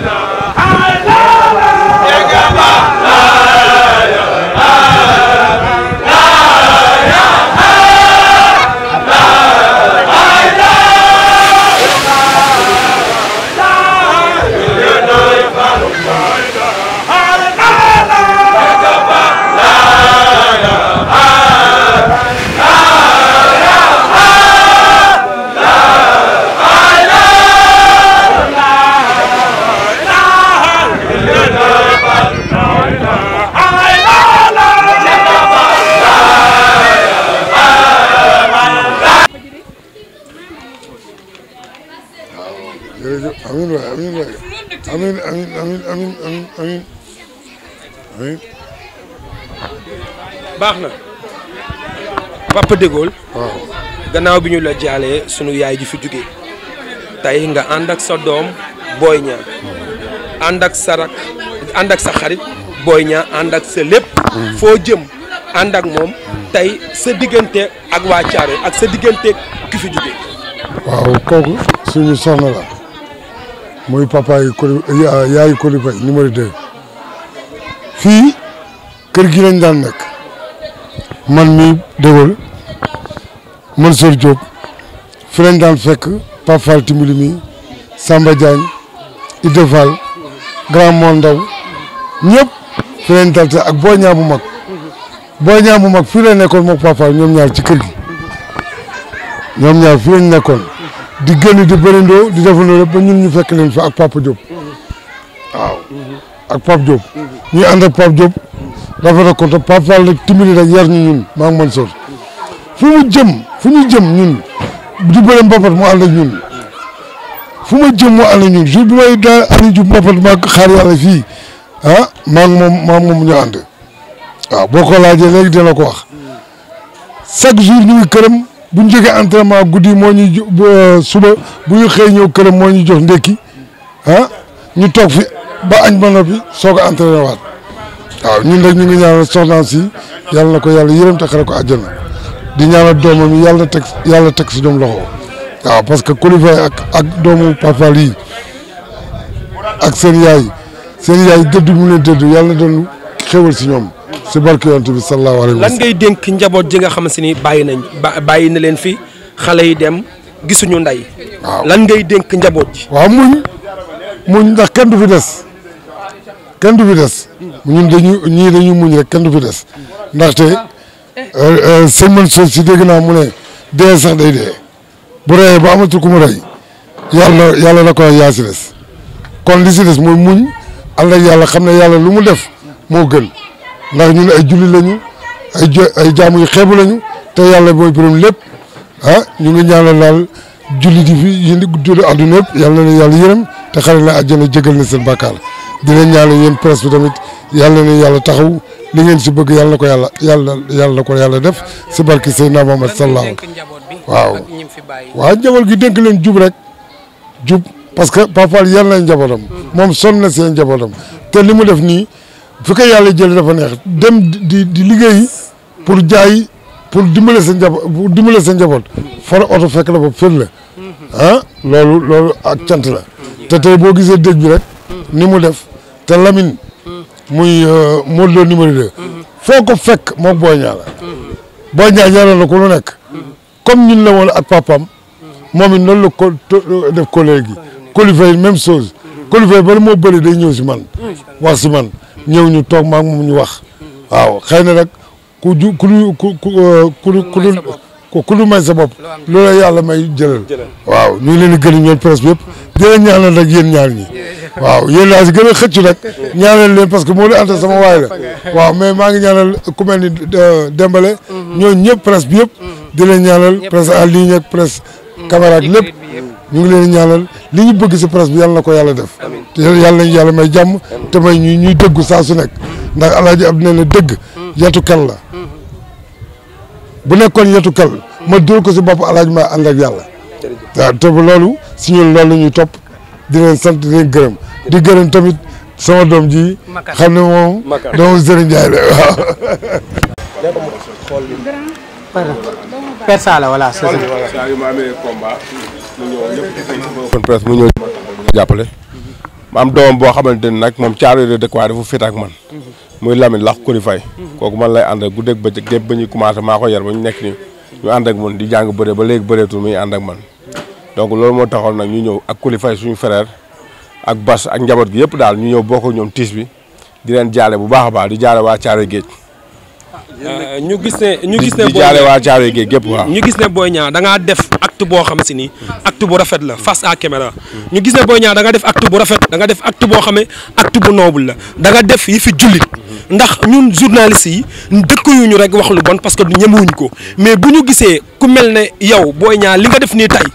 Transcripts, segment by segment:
No jërëjëf amiin waay amiin waay amiin amiin amiin amiin baax na Papa De gannaaw bi ñu la jaalee sunu yaay ji fi jógee tey nga ànd ak sa doom Boy Niang ànd ak sa rak ànd ak sa xarit Boy Niang ànd ak sa lépp mm. foo jëm ànd ak moom tey sa diggante ak waa Thiaroye ak sa diggante ki fi jógee waaw kooku suñu soxna la mooy papa yi yaayu Coly Faye numéro fii kër gi lañ daan nekk man mi déggoo Mansour Diop fi lañ daan fekk Pape Fall Timbili mi Samba Diagne Idda Fall Grand Mor ñëpp fi lañ dalte ak boo ñaa bu mag boo ñaa bu mag fii la nekkoon moom ñoom ñaar ci kër gi ñoom ñaar fii lañ nekkoon. di génn di bërëndoo di defandoo lépp ba ñun ñu fekk leen fa ak Papa Diop waaw ak Pape Diop ñuy ànd ak Pape Diop dafa rek ko Pape Fall rek timide rek yar ñu ñun maa ngi Mansour fu mu jëm fu ñu jëm ñun di bëre mbapat mu ànd ak ñun fu ma jëm mu ànd ak ñun jour bi may daal Aliou Diouf mbapat maa xaar yàlla fii ah moom maa ngi moom ñu ànd waaw boo ko laajee léegi dina ko wax chaque jour ñu ngi bu ñu jógee entraînement guddi moo ñuy euh, suba bu ñu xëy ñëw këram moo ñu jox ndékki ah ñu toog fi ba añ ba noppi soog a entraîné waat waaw ñun rek ñu ngi ñaanal soxnaam si yàlla na ko yàlla yërëm te xare ko àjjana di ñaanal doomam yi yàlla teg yàlla teg si doom loxo waaw parce que Coly ak ak doomu papa yi ak seen yaay seen yaay dëdd mu leen dëdd yàlla doon xéwal si ñoom. si barke yonent bi sallallahu alayhi wa sallam ngay dénk njaboot ji nga xam ni bàyyi nañ bàyyi na leen fi xale yi dem gisuñu nday waaw lan dénk njaboot ji waaw muñ muñ ndax kenn du fi des kenn du fi des ñun dañu ñii dañu muñ euh, euh, mu ne dee sax day dee bu reyee ba amatul ku mu rey yàlla yàlla na ko yaa si des kon li si des mooy muñ ànd yàlla xam ne yàlla lu mu def moo gën ndax ñun ay julli lañu ay jo ay jaamu yu xeebu lañu te yàlla mooy borom lépp ah ñu ngi ñaanal daal julli di fi yéen di julli àdduna yëpp yàlla na yàlla yërëm te xare na àjjana jégal na seen bàkkaar di leen ñaanal yéen presse tamit yàlla na yàlla taxaw li ngeen si bëgg yàlla ko yàlla yàlla yàlla na ko yàlla def si barki Seydina Muhammad sallallahu waaw waaw njaboot gi dénk leen jub rek jub parce que Pape Fall na njabootam moom sonn na seen njabootam te li mu def nii su ko yàlla jël dafa neex dem di di liggéey pour jaay pour dimbale sa njaboot pour dimbale sa njaboot far oto fekk la ba fër la ah loolu loolu ak cant la te tey boo gisee dëj bi rek ni mu def te Lamine muy euh, Modou Lo numéro deux foo ko fekk moom Boy Niang la Boy Niang yàlla na ko lu nekk comme ñun la woon ak papam moom it noonu la ko def collègue yi colifay même chose colifay bari moo bëri day ñëw si man wax man ñëw ñu toog maag mu ñu wax waaw xëy na nag ku ju ku lu ku ku ku lu may sa bopp loolu yàlla may jëlal waaw ñu ngi leen di gën ñoom presse yëpp di leen ñaanal rek yéen ñaar ñi waaw yéen laa gën a xëccu nag ñaanal leen parce que moo la ànta sama waay la waaw mais maa ngi ñaanal ku mel ni euh, Dembale mm-hmm. ñooñu ñëpp presse bi yëpp mm-hmm. di leen ñaanal presse en ligne ak presse ak lépp ñu ngi leen ñaanal li ñu bëgg si presse yàlla na ko yàlla def te yàlla nañu yàlla may jàmm te may ñu ñuy dëggu saa su nekk ndax alaaji ab nee na dëgg mm. yetu kal la mm. bu nekkoon yetu kal ma dóor ko si bopp alaaji ma ànd ak yàlla waaw loolu si ñun loolu ñuy topp di leen sant di leen gërëm di gërëm tamit sama doom ji xam ne moom doomu Serigne Ndiaye la kon presse mu ñëw jàppale ma am doomam boo xamante ni nag moom caaro de dëkk waaye dafa féet ak man muy Lamine lax kuri kooku man lay ànd ak guddeeg bëccëg gépp ba ñuy commencé maa ko ba ñu nekk nii ñu ànd ak man di jàng bëre ba léegi bëreetul muy man donc loolu moo taxoon nag ñu ñëw ak kuri suñu frère ak bas ak njaboot gi yëpp daal ñu ñëw boo ko ñoom tiis bi di leen jaale bu baax a baax di jaale waa caaro géej ah, ñu gis ne ñu gis ne waa caaro géej ñu gis ne Boy Niang da def acte boo xam si ni acte bu rafet la face à caméra ñu gis ne Boy Niang da nga def acte bu rafet da nga def acte boo xamee acte bu noble la da def yi fi jullit ndax ñun journaliste yi dëkkuñu rek wax lu bon parce que ñemewuñu ko mais bu ñu gisee ku mel ne yow Boy Niang li nga def nii tey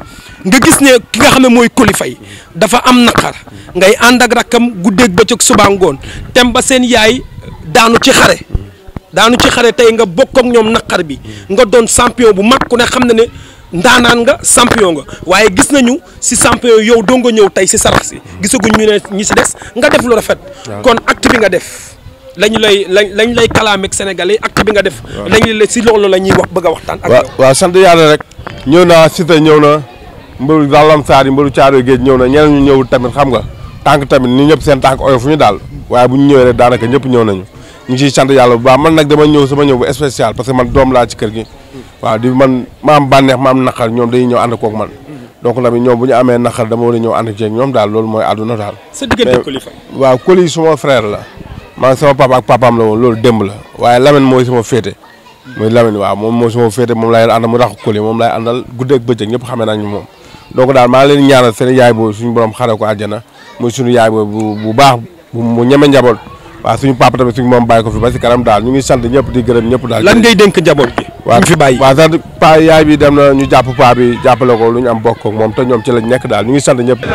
nga gis ne ki nga xam ne mooy kolifay dafa am naqar ngay ànd ak rakkam guddeeg bëccëg subaa ngoon tem ba seen yaay daanu ci xare daanu ci xare tey nga bokk ñoom naqar bi ndaanaan nga champion nga waaye gis nañu si champion yow doo nga ñëw tey si sarax si gisaguñ ñu ne ñi si des nga def lu rafet. kon acte bi nga def. lañu lay lañ lay kalaameeg Sénégalais acte bi nga def. lañu lay si loolu la ñuy wax bëgg a waxtaan. ak yow waaw sant yàlla rek. ñëw naa Siteu ñëw na mbaru Zallam Sarr yi mbaru Thiaroye Géej ñëw na ñeneen ñu ñëwul tamit xam nga tànk tamit ni ñëpp seen tànk oyof ñu daal waaye bu ñu ñëwee rek daanaka ñëpp ñëw nañu ñu ngi ciy sant yàlla bu baax man nag dama ñëw sama ñëw bu spécial parce que man laa ci kër gi waaw di man maam am bànneex ma am naqar ñoom dañuy ñëw ànd kook man donc tamit ñoom bu ñu amee naqar dama war a ñëw ànd ceeg ñoom daal loolu mooy àdduna daal. sa diggante Coly Faye. waaw Coly suma frère la maa sama papa ak papaam la woon loolu démb la waaye Lamine mooy sama féete. mooy Lamine waaw moom mooy sama féete moom laay àndal mu rax Coly moom laay àndal guddeeg bëccëg ñëpp xamee nañu moom. donc daal maa leen ñaanal seen yaay boobu suñu borom xare ko àjjana muy suñu yaay boobu bu baax bu ñeme njaboot. waaw suñu papa tamit suñu moom bàyyi ko fi ba si daal ñu ngi sant ñëpp di gërëm ñëpp daal lan ngay dénk njaboot gi waaw fi bàyyi waaw sax yaay bi dem na ñu jàpp pa bi jàppale ko lu ñu am bokk moom te ñoom ci lañ nekk daal ñu ngi sant ñëpp